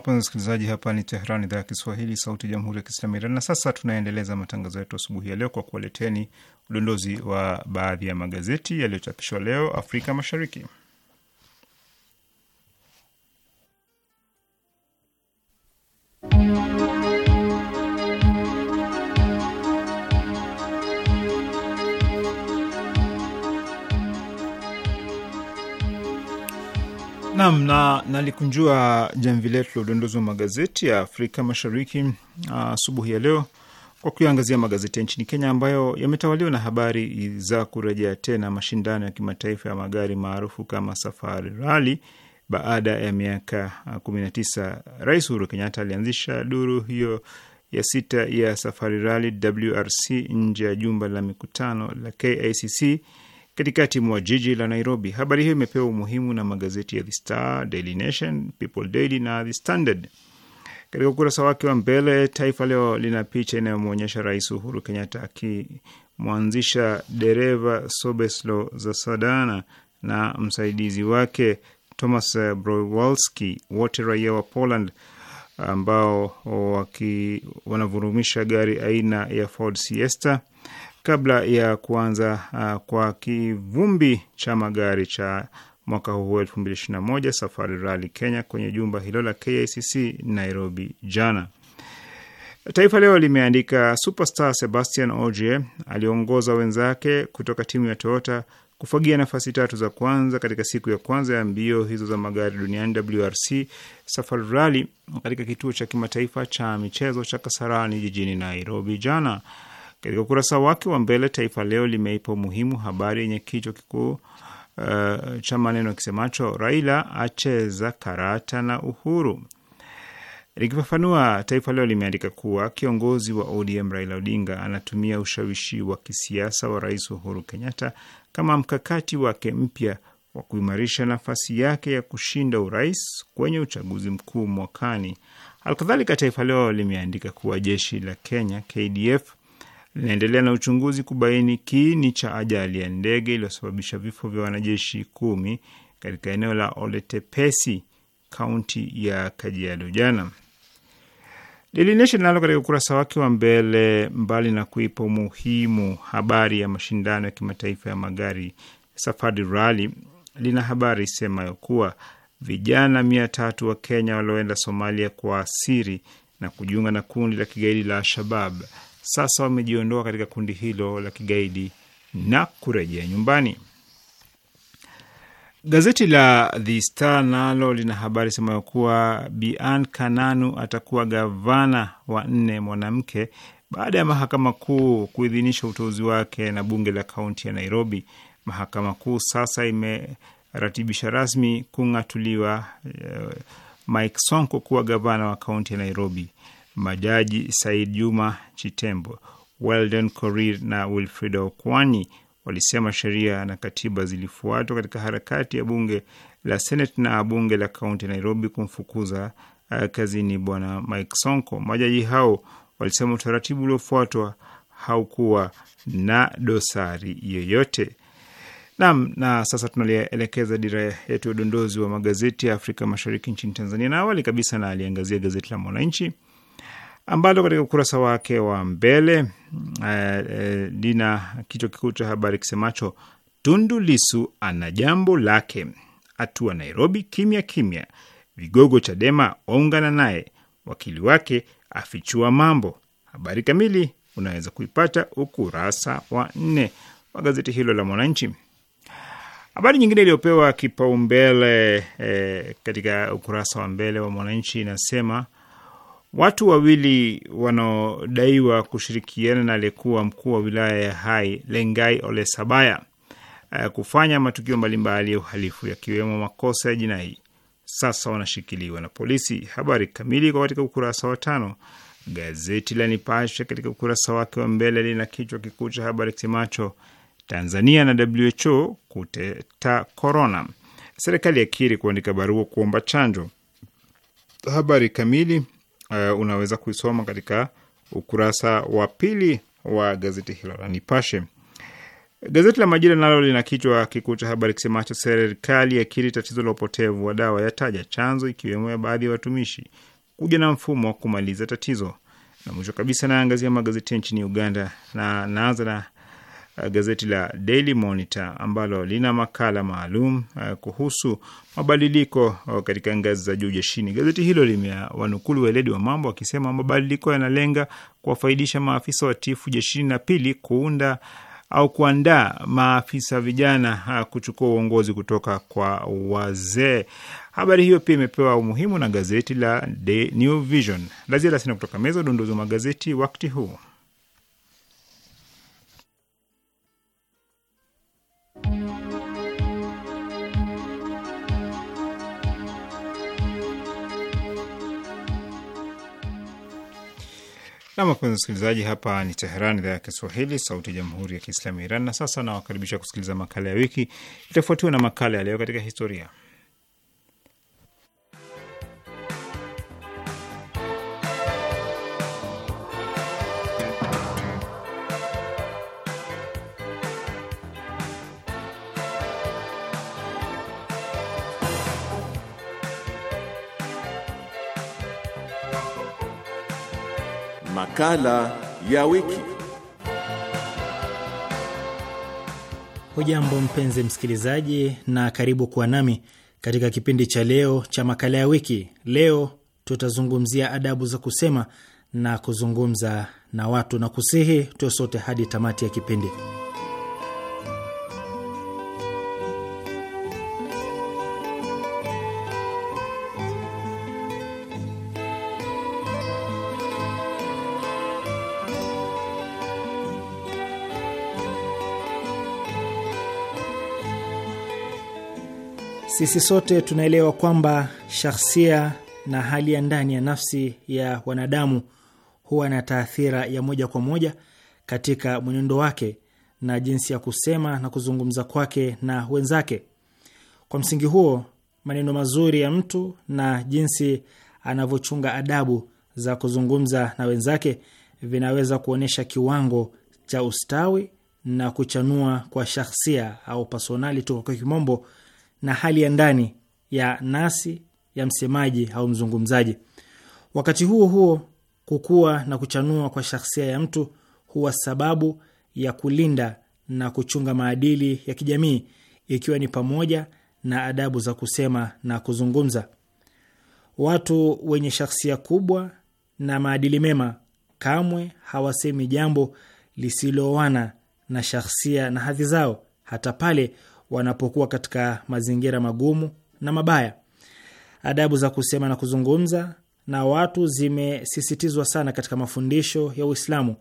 Wapenzi wasikilizaji, hapa ni Tehran, idhaa ya Kiswahili, sauti ya jamhuri ya kiislamu Iran. Na sasa tunaendeleza matangazo yetu asubuhi ya leo kwa kuwaleteni udondozi wa baadhi ya magazeti yaliyochapishwa leo Afrika Mashariki. nalikunjua jamvi letu la udondozi wa magazeti ya Afrika Mashariki uh, asubuhi ya leo kwa kuiangazia magazeti ya nchini Kenya ambayo yametawaliwa na habari za kurejea tena mashindano ya kimataifa ya magari maarufu kama Safari Rali baada ya miaka 19. Uh, Rais Uhuru Kenyatta alianzisha duru hiyo ya sita ya Safari Rali WRC nje ya jumba la mikutano la KICC katikati mwa jiji la Nairobi. Habari hiyo imepewa umuhimu na magazeti ya The Star, Daily Nation, People Daily na The Standard. Katika ukurasa wake wa mbele, Taifa Leo lina picha inayomwonyesha Rais Uhuru Kenyatta akimwanzisha dereva Sobeslo Sadana na msaidizi wake Thomas Browalski, wote raia wa Poland ambao waki, wanavurumisha gari aina ya Ford Siesta kabla ya kuanza uh, kwa kivumbi cha magari cha mwaka huu 2021 Safari Rally Kenya kwenye jumba hilo la KICC Nairobi jana. Taifa Leo limeandika superstar Sebastian Ogier aliongoza wenzake kutoka timu ya Toyota kufagia nafasi tatu za kwanza katika siku ya kwanza ya mbio hizo za magari duniani WRC Safari Rally katika kituo cha kimataifa cha michezo cha Kasarani jijini Nairobi jana. Katika ukurasa wake wa mbele, Taifa Leo limeipa umuhimu habari yenye kichwa kikuu uh, cha maneno kisemacho Raila acheza karata na Uhuru. Likifafanua, Taifa Leo limeandika kuwa kiongozi wa ODM Raila Odinga anatumia ushawishi wa kisiasa wa Rais Uhuru Kenyatta kama mkakati wake mpya wa kuimarisha nafasi yake ya kushinda urais kwenye uchaguzi mkuu mwakani. Alkadhalika, Taifa Leo limeandika kuwa jeshi la Kenya KDF linaendelea na uchunguzi kubaini kiini cha ajali ya ndege iliyosababisha vifo vya wanajeshi kumi katika eneo la Oletepesi, kaunti ya Kajiado jana. Daily Nation nalo katika ukurasa wake wa mbele, mbali na kuipa umuhimu habari ya mashindano ya kimataifa ya magari Safari Rally, lina habari isemayo kuwa vijana mia tatu wa Kenya walioenda Somalia kwa siri na kujiunga na kundi la kigaidi la Al-Shabab sasa wamejiondoa katika kundi hilo la kigaidi na kurejea nyumbani. Gazeti la The Star nalo lina habari semayo kuwa Bian Kananu atakuwa gavana wa nne mwanamke baada ya mahakama kuu kuidhinisha uteuzi wake na bunge la kaunti ya Nairobi. Mahakama kuu sasa imeratibisha rasmi kung'atuliwa uh, Mike Sonko kuwa gavana wa kaunti ya Nairobi majaji Said Juma Chitembo, Weldon Korir na Wilfrida Kwani walisema sheria na katiba zilifuatwa katika harakati ya bunge la Senate na bunge la kaunti Nairobi kumfukuza eh, kazini bwana Mike Sonko. Majaji hao walisema utaratibu uliofuatwa haukuwa na dosari yoyote. Naam, na sasa tunalielekeza dira yetu ya udondozi wa magazeti ya Afrika Mashariki nchini Tanzania, na awali kabisa na aliangazia gazeti la Mwananchi ambalo katika ukurasa wake wa mbele eh, eh, lina uh, uh, kichwa kikuu cha habari kisemacho Tundu Lisu ana jambo lake, atua Nairobi kimya kimya, vigogo Chadema waungana naye, wakili wake afichua mambo. Habari kamili unaweza kuipata ukurasa wa nne wa gazeti hilo la Mwananchi. Habari nyingine iliyopewa kipaumbele eh, katika ukurasa wa mbele wa Mwananchi inasema Watu wawili wanaodaiwa kushirikiana na aliyekuwa mkuu wa wilaya ya Hai Lengai Ole Sabaya eh, kufanya matukio mbalimbali ya uhalifu yakiwemo makosa ya jinai sasa wanashikiliwa na polisi. Habari kamili kwa katika ukurasa wa tano. Gazeti la Nipashe katika ukurasa wake wa mbele lina kichwa kikuu cha habari kisemacho Tanzania na WHO kuteta korona, serikali yakiri kuandika barua kuomba chanjo. Habari kamili uh, unaweza kuisoma katika ukurasa wa pili wa gazeti hilo la Nipashe. Gazeti la Majira nalo lina kichwa kikuu cha habari kisemacho serikali yakiri tatizo la upotevu wa dawa, yataja chanzo ikiwemo ya baadhi ya watumishi kuja na mfumo wa kumaliza tatizo. Na mwisho kabisa, naangazia magazeti ya nchini Uganda na naanza na Eh, gazeti la Daily Monitor ambalo lina makala maalum eh, kuhusu mabadiliko eh, katika ngazi za juu jeshini. Gazeti hilo limewanukulu weledi wa mambo wakisema mabadiliko yanalenga kuwafaidisha maafisa tifu jeshini na pili, kuunda au kuandaa maafisa vijana kuchukua uongozi kutoka kwa wazee. Habari hiyo pia imepewa umuhimu na gazeti la The New Vision. Lazia sina kutoka meza udondozi wa magazeti wakati huu. Nam, wapenzi msikilizaji, hapa ni Teheran, idhaa ya Kiswahili, sauti ya jamhuri ya kiislamu ya Iran. Na sasa nawakaribisha kusikiliza makala ya wiki, itafuatiwa na makala ya leo katika historia Makala ya wiki. Hujambo mpenzi msikilizaji, na karibu kuwa nami katika kipindi cha leo cha makala ya wiki. Leo tutazungumzia adabu za kusema na kuzungumza na watu, na kusihi tuwe sote hadi tamati ya kipindi. Sisi sote tunaelewa kwamba shahsia na hali ya ndani ya nafsi ya wanadamu huwa na taathira ya moja kwa moja katika mwenendo wake na jinsi ya kusema na kuzungumza kwake na wenzake. Kwa msingi huo, maneno mazuri ya mtu na jinsi anavyochunga adabu za kuzungumza na wenzake vinaweza kuonyesha kiwango cha ustawi na kuchanua kwa shahsia au personality kwa kimombo na hali ya ndani ya nasi ya msemaji au mzungumzaji. Wakati huo huo, kukua na kuchanua kwa shakhsia ya mtu huwa sababu ya kulinda na kuchunga maadili ya kijamii, ikiwa ni pamoja na adabu za kusema na kuzungumza. Watu wenye shakhsia kubwa na maadili mema kamwe hawasemi jambo lisiloana na shakhsia na hadhi zao, hata pale wanapokuwa katika mazingira magumu na mabaya. Adabu za kusema na kuzungumza na watu zimesisitizwa sana katika mafundisho ya Uislamu.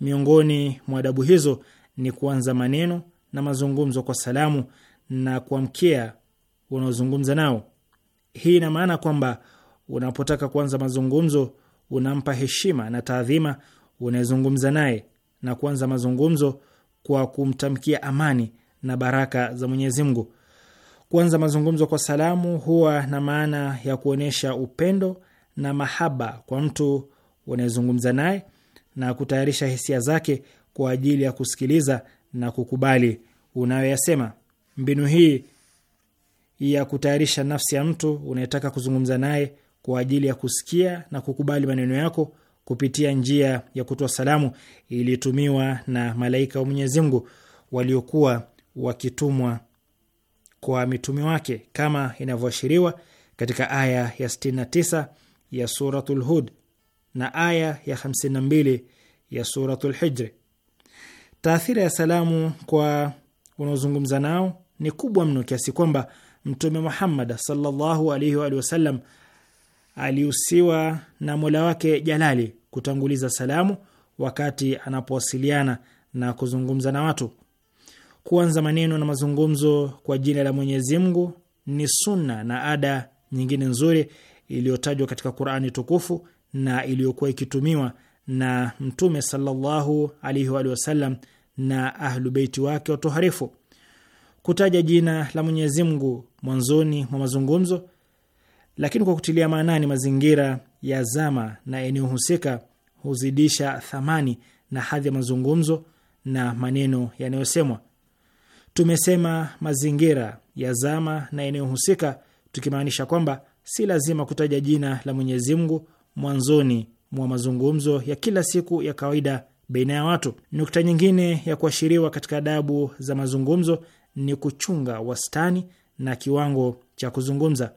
Miongoni mwa adabu hizo ni kuanza maneno na mazungumzo kwa salamu na kuamkia unaozungumza nao. Hii ina maana kwamba unapotaka kuanza mazungumzo, unampa heshima na taadhima unayezungumza naye na kuanza mazungumzo kwa kumtamkia amani na baraka za Mwenyezi Mungu. Kuanza mazungumzo kwa salamu huwa na maana ya kuonyesha upendo na mahaba kwa mtu unayezungumza naye na kutayarisha hisia zake kwa ajili ya kusikiliza na kukubali unayoyasema. Mbinu hii ya kutayarisha nafsi ya mtu unayetaka kuzungumza naye kwa ajili ya kusikia na kukubali maneno yako kupitia njia ya kutoa salamu ilitumiwa na malaika wa Mwenyezi Mungu waliokuwa wakitumwa kwa mitume wake kama inavyoashiriwa katika aya ya 69 ya Suratul Hud na aya ya 52 ya Suratul Hijri. Taathira ya salamu kwa unaozungumza nao ni kubwa mno kiasi kwamba Mtume Muhammad sallallahu alaihi wa aliusiwa na Mola wake jalali kutanguliza salamu wakati anapowasiliana na kuzungumza na watu kuanza maneno na mazungumzo kwa jina la Mwenyezi Mungu ni sunna na ada nyingine nzuri iliyotajwa katika Qur'ani tukufu na iliyokuwa ikitumiwa na Mtume sallallahu alaihi wa sallam na ahlu beiti wake watoharifu. Kutaja jina la Mwenyezi Mungu mwanzoni mwa mazungumzo, lakini kwa kutilia maanani mazingira ya zama na eneo husika, huzidisha thamani na hadhi ya mazungumzo na maneno yanayosemwa. Tumesema mazingira ya zama na eneo husika, tukimaanisha kwamba si lazima kutaja jina la Mwenyezi Mungu mwanzoni mwa mazungumzo ya kila siku ya kawaida baina ya watu. Nukta nyingine ya kuashiriwa katika adabu za mazungumzo ni kuchunga wastani na kiwango cha kuzungumza,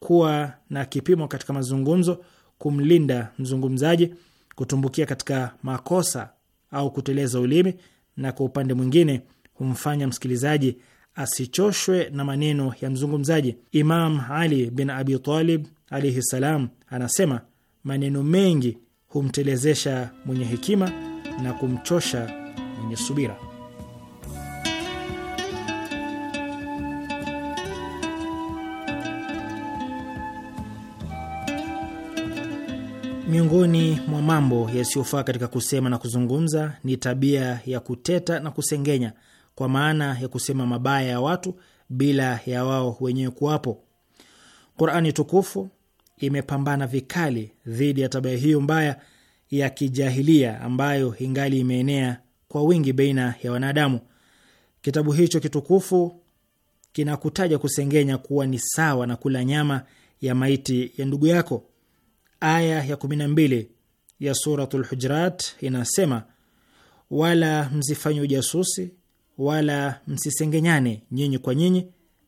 kuwa na kipimo katika mazungumzo, kumlinda mzungumzaji kutumbukia katika makosa au kuteleza ulimi, na kwa upande mwingine humfanya msikilizaji asichoshwe na maneno ya mzungumzaji. Imam Ali bin Abi Talib alaihi salam anasema maneno mengi humtelezesha mwenye hekima na kumchosha mwenye subira. Miongoni mwa mambo yasiyofaa katika kusema na kuzungumza ni tabia ya kuteta na kusengenya kwa maana ya kusema mabaya ya watu bila ya wao wenyewe kuwapo. Qurani tukufu imepambana vikali dhidi ya tabia hiyo mbaya ya kijahilia ambayo ingali imeenea kwa wingi baina ya wanadamu. Kitabu hicho kitukufu kinakutaja kusengenya kuwa ni sawa na kula nyama ya maiti ya ndugu yako. Aya ya mbili ya Suratul Hujurat inasema, wala msifanye ujasusi wala msisengenyane nyinyi kwa nyinyi.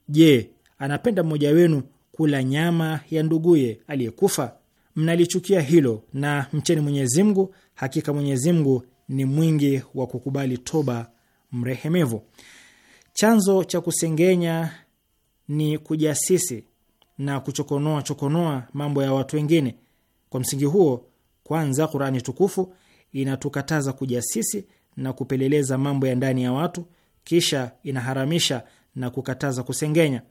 Je, anapenda mmoja wenu kula nyama ya nduguye aliyekufa? Mnalichukia hilo na mcheni Mwenyezi Mungu, hakika Mwenyezi Mungu ni mwingi wa kukubali toba, mrehemevu. Chanzo cha kusengenya ni kujasisi na kuchokonoa chokonoa mambo ya watu wengine. Kwa msingi huo, kwanza Qur'ani tukufu inatukataza kujasisi na kupeleleza mambo ya ndani ya watu, kisha inaharamisha na kukataza kusengenya.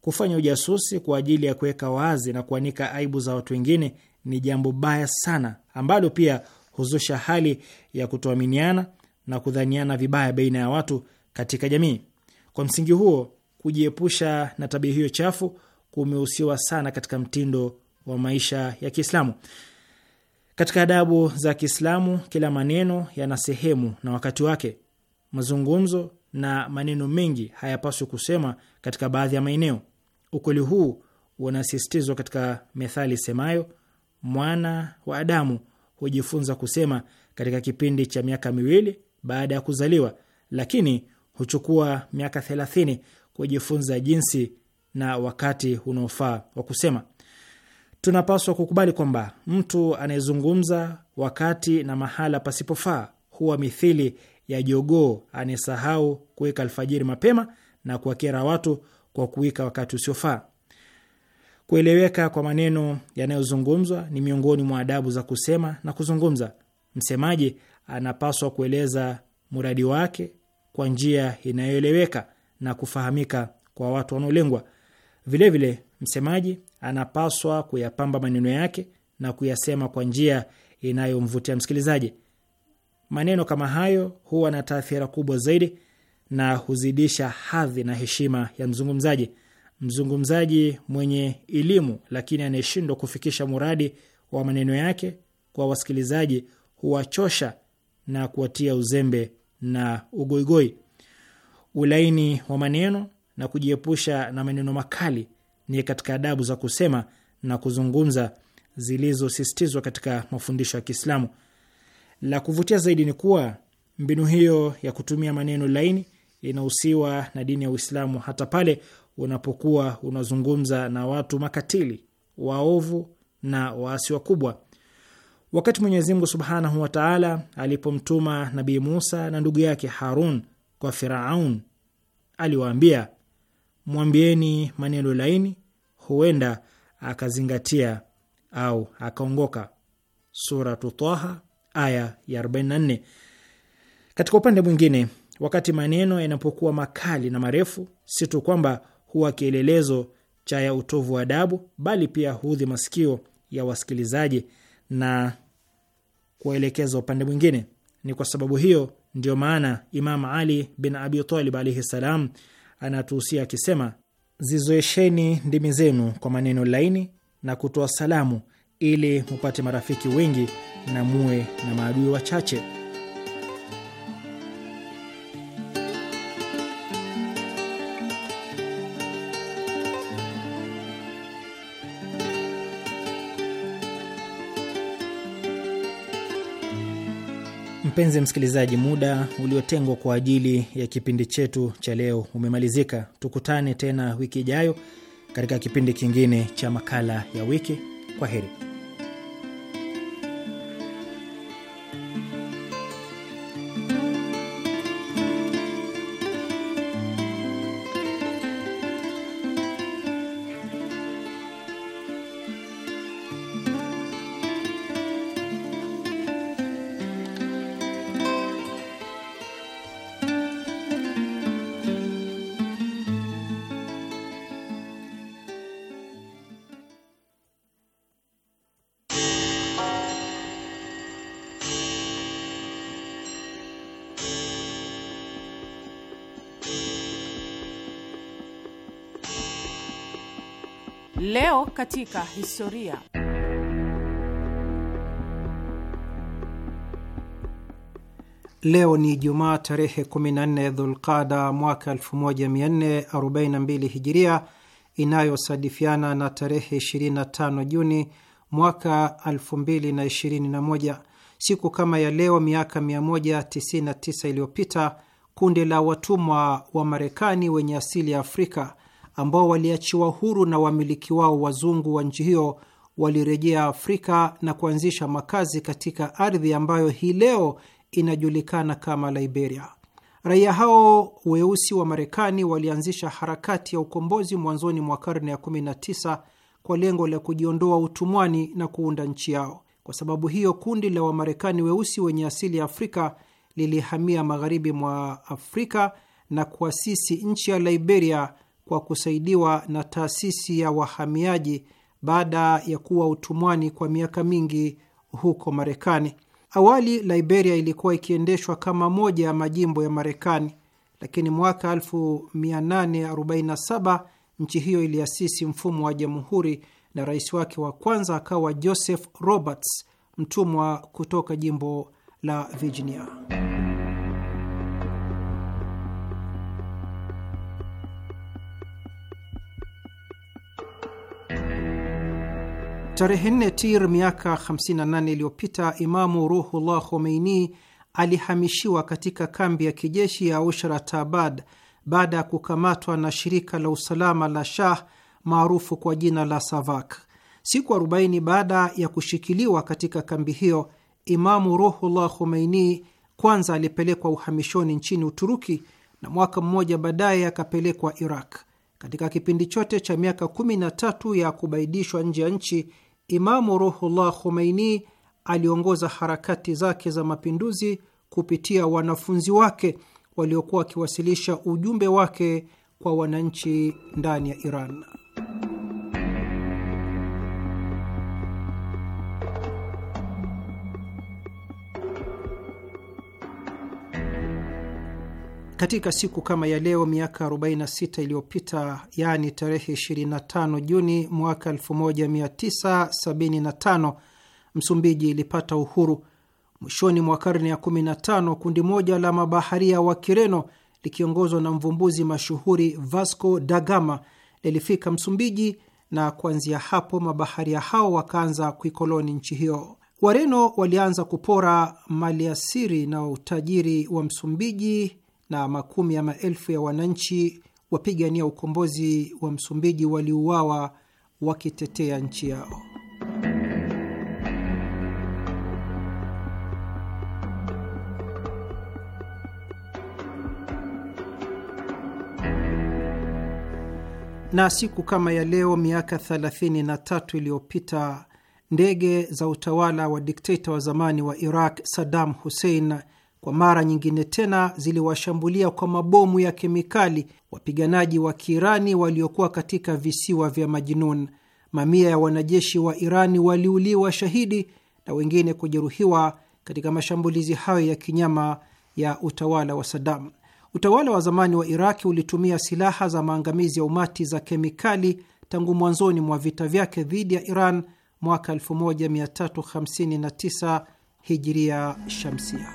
Kufanya ujasusi kwa ajili ya kuweka wazi na kuanika aibu za watu wengine ni jambo baya sana, ambalo pia huzusha hali ya kutoaminiana na kudhaniana vibaya baina ya watu katika jamii. Kwa msingi huo, kujiepusha na tabia hiyo chafu kumehusiwa sana katika mtindo wa maisha ya Kiislamu. Katika adabu za Kiislamu, kila maneno yana sehemu na wakati wake. Mazungumzo na maneno mengi hayapaswi kusema katika baadhi ya maeneo. Ukweli huu unasisitizwa katika methali semayo, mwana wa Adamu hujifunza kusema katika kipindi cha miaka miwili baada ya kuzaliwa, lakini huchukua miaka thelathini kujifunza jinsi na wakati unaofaa wa kusema tunapaswa kukubali kwamba mtu anayezungumza wakati na mahala pasipofaa huwa mithili ya jogoo anayesahau kuweka alfajiri mapema na kuwakera watu kwa kuwika wakati usiofaa. Kueleweka kwa maneno yanayozungumzwa ni miongoni mwa adabu za kusema na kuzungumza. Msemaji anapaswa kueleza mradi wake kwa njia inayoeleweka na kufahamika kwa watu wanaolengwa. Vilevile msemaji anapaswa kuyapamba maneno yake na kuyasema kwa njia inayomvutia msikilizaji. Maneno kama hayo huwa na taathira kubwa zaidi na huzidisha hadhi na heshima ya mzungumzaji. Mzungumzaji mwenye elimu lakini anayeshindwa kufikisha muradi wa maneno yake kwa wasikilizaji huwachosha na kuwatia uzembe na ugoigoi. Ulaini wa maneno na kujiepusha na maneno makali ni katika adabu za kusema na kuzungumza zilizosisitizwa katika mafundisho ya Kiislamu. La kuvutia zaidi ni kuwa mbinu hiyo ya kutumia maneno laini inahusiwa na dini ya Uislamu hata pale unapokuwa unazungumza na watu makatili, waovu na waasi wakubwa. Wakati Mwenyezi Mungu subhanahu wa taala alipomtuma Nabii Musa na ndugu yake Harun kwa Firaun, aliwaambia, mwambieni maneno laini huenda akazingatia au akaongoka. Suratu Taha aya ya 44. Katika upande mwingine, wakati maneno yanapokuwa makali na marefu, si tu kwamba huwa kielelezo cha ya utovu wa adabu, bali pia huudhi masikio ya wasikilizaji na kuwaelekeza upande mwingine. Ni kwa sababu hiyo ndiyo maana Imam Ali bin Abi Talib alaihi salam anatuhusia akisema zizoesheni ndimi zenu kwa maneno laini na kutoa salamu, ili mupate marafiki wengi na muwe na maadui wachache. Mpenzi msikilizaji, muda uliotengwa kwa ajili ya kipindi chetu cha leo umemalizika. Tukutane tena wiki ijayo katika kipindi kingine cha makala ya wiki. Kwa heri. katika historia. Leo ni Jumaa tarehe 14 Dhulqada mwaka 1442 Hijiria, inayosadifiana na tarehe 25 Juni mwaka 2021. Siku kama ya leo miaka 199 iliyopita kundi la watumwa wa Marekani wenye asili ya Afrika ambao waliachiwa huru na wamiliki wao wazungu wa nchi hiyo walirejea Afrika na kuanzisha makazi katika ardhi ambayo hii leo inajulikana kama Liberia. Raia hao weusi wa Marekani walianzisha harakati ya ukombozi mwanzoni mwa karne ya 19 kwa lengo la kujiondoa utumwani na kuunda nchi yao. Kwa sababu hiyo, kundi la Wamarekani weusi wenye asili ya Afrika lilihamia magharibi mwa Afrika na kuasisi nchi ya Liberia kwa kusaidiwa na taasisi ya wahamiaji baada ya kuwa utumwani kwa miaka mingi huko Marekani. Awali Liberia ilikuwa ikiendeshwa kama moja ya majimbo ya Marekani, lakini mwaka 1847 nchi hiyo iliasisi mfumo wa jamhuri na rais wake wa kwanza akawa Joseph Roberts, mtumwa kutoka jimbo la Virginia. Tarehe nne Tir miaka 58 iliyopita Imamu Ruhullah Khomeini alihamishiwa katika kambi ya kijeshi ya abad baada ya kukamatwa na shirika la usalama la Shah maarufu kwa jina la SAVAK. Siku 40 baada ya kushikiliwa katika kambi hiyo, Imamu Ruhullah Khomeini kwanza alipelekwa uhamishoni nchini Uturuki na mwaka mmoja baadaye akapelekwa Iraq. Katika kipindi chote cha miaka 13 ya kubaidishwa nje ya nchi, Imamu Ruhullah Khomeini aliongoza harakati zake za mapinduzi kupitia wanafunzi wake waliokuwa wakiwasilisha ujumbe wake kwa wananchi ndani ya Iran. Katika siku kama ya leo miaka 46 iliyopita, yaani tarehe 25 Juni mwaka 1975, Msumbiji ilipata uhuru. Mwishoni mwa karne ya 15, kundi moja la mabaharia wa Kireno likiongozwa na mvumbuzi mashuhuri Vasco da Gama lilifika Msumbiji na kuanzia hapo mabaharia hao wakaanza kuikoloni nchi hiyo. Wareno walianza kupora maliasiri na utajiri wa Msumbiji na makumi ya maelfu ya wananchi wapigania ukombozi wa Msumbiji waliuawa wakitetea nchi yao. Na siku kama ya leo miaka 33 iliyopita ndege za utawala wa dikteta wa zamani wa Iraq Saddam Hussein kwa mara nyingine tena ziliwashambulia kwa mabomu ya kemikali wapiganaji wa Kiirani waliokuwa katika visiwa vya Majinun. Mamia ya wanajeshi wa Irani waliuliwa shahidi na wengine kujeruhiwa katika mashambulizi hayo ya kinyama ya utawala wa Sadam. Utawala wa zamani wa Iraki ulitumia silaha za maangamizi ya umati za kemikali tangu mwanzoni mwa vita vyake dhidi ya Iran mwaka 1359 hijiria shamsia.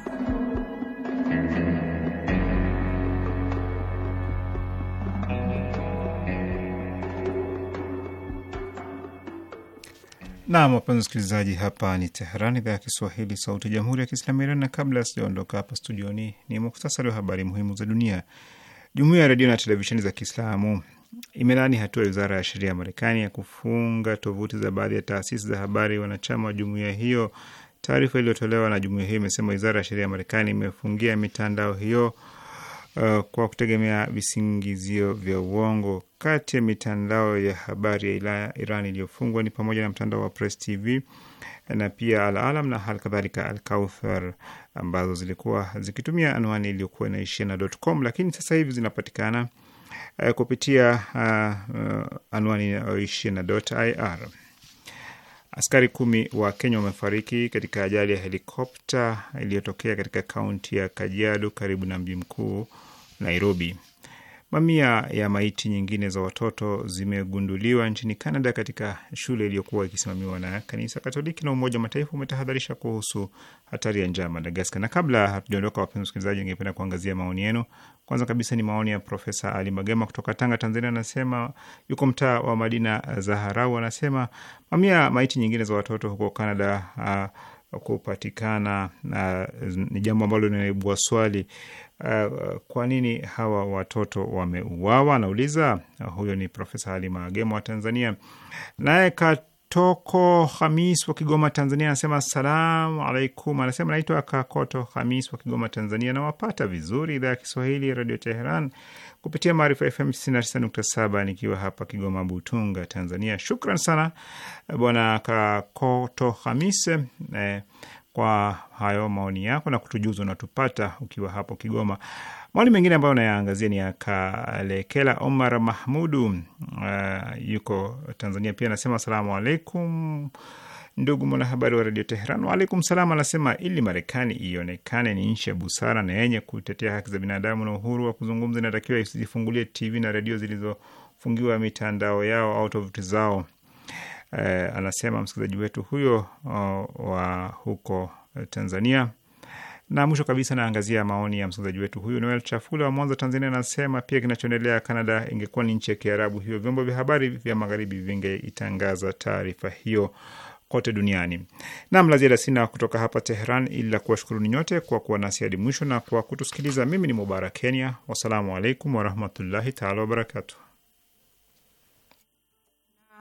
Naam, wapenzi msikilizaji, hapa ni Teheran, idhaa ya Kiswahili, sauti ya jamhuri ya kiislamu Iran. Na kabla sijaondoka hapa studioni, ni, muktasari wa habari muhimu za dunia. jumuia ya redio na televisheni za Kiislamu imelaani hatua ya wizara ya sheria ya Marekani ya kufunga tovuti za baadhi ya taasisi za habari wanachama wa jumuia hiyo. Taarifa iliyotolewa na jumuia hiyo imesema wizara ya sheria ya Marekani imefungia mitandao hiyo uh, kwa kutegemea visingizio vya uongo. Kati ya mitandao ya habari ya Iran iliyofungwa ni pamoja na mtandao wa Press TV eh, na pia Al Alam na hal kadhalika Al Kauthar ambazo zilikuwa zikitumia anwani iliyokuwa inaishia na .com, lakini sasa hivi zinapatikana uh, kupitia uh, uh, anwani inayoishia na .ir. Askari kumi wa Kenya wamefariki katika ajali ya helikopta iliyotokea katika kaunti ya Kajiado karibu na mji mkuu Nairobi. Mamia ya maiti nyingine za watoto zimegunduliwa nchini Canada katika shule iliyokuwa ikisimamiwa na kanisa Katoliki, na Umoja wa Mataifa umetahadharisha kuhusu hatari ya njaa Madagaskar. Na kabla hatujaondoka, wapenzi wasikilizaji, ningependa kuangazia maoni yenu. Kwanza kabisa ni maoni ya Profesa Ali Magema kutoka Tanga, Tanzania. Anasema yuko mtaa wa Madina Zaharau, anasema mamia maiti nyingine za watoto huko Canada uh, kupatikana uh, ni jambo ambalo linaibua swali uh, kwa nini hawa watoto wameuawa? Anauliza huyo ni Profesa Ali Maagemo wa Tanzania. Naye Katoko Hamis wa Kigoma, Tanzania anasema salamu alaikum. Anasema naitwa Kakoto Hamis wa Kigoma, Tanzania. Nawapata vizuri idhaa ya Kiswahili Radio Teheran kupitia Maarifa FM 99.7 nikiwa hapa Kigoma Butunga, Tanzania. Shukran sana eh, Bwana Kakoto Hamis eh, kwa hayo maoni yako na kutujuza unatupata ukiwa hapo Kigoma. Maoni mengine ambayo nayaangazia ni ya Kalekela Omar Mahmudu, uh, yuko Tanzania pia, anasema asalamu alaikum Ndugu mwanahabari wa redio Teheran. Waalaikum salam. Anasema ili Marekani ionekane ni nchi ya busara na yenye kutetea haki za binadamu na uhuru wa kuzungumza, inatakiwa isijifungulie TV na redio zilizofungiwa mitandao yao au tovuti zao eh, anasema msikilizaji wetu huyo uh, wa huko Tanzania. Na mwisho kabisa naangazia maoni ya msikilizaji wetu huyu Noel Chafula wa Mwanza, Tanzania, anasema pia kinachoendelea Canada, ingekuwa ni nchi ya Kiarabu hiyo, vyombo vya habari vya magharibi vingeitangaza taarifa hiyo kote duniani. Nam la ziada sina kutoka hapa Tehran, ila kuwashukuruni nyote kwa kuwa nasi hadi mwisho na kwa kutusikiliza. Mimi ni Mubarak Kenya, wassalamu alaikum warahmatullahi taala wabarakatu.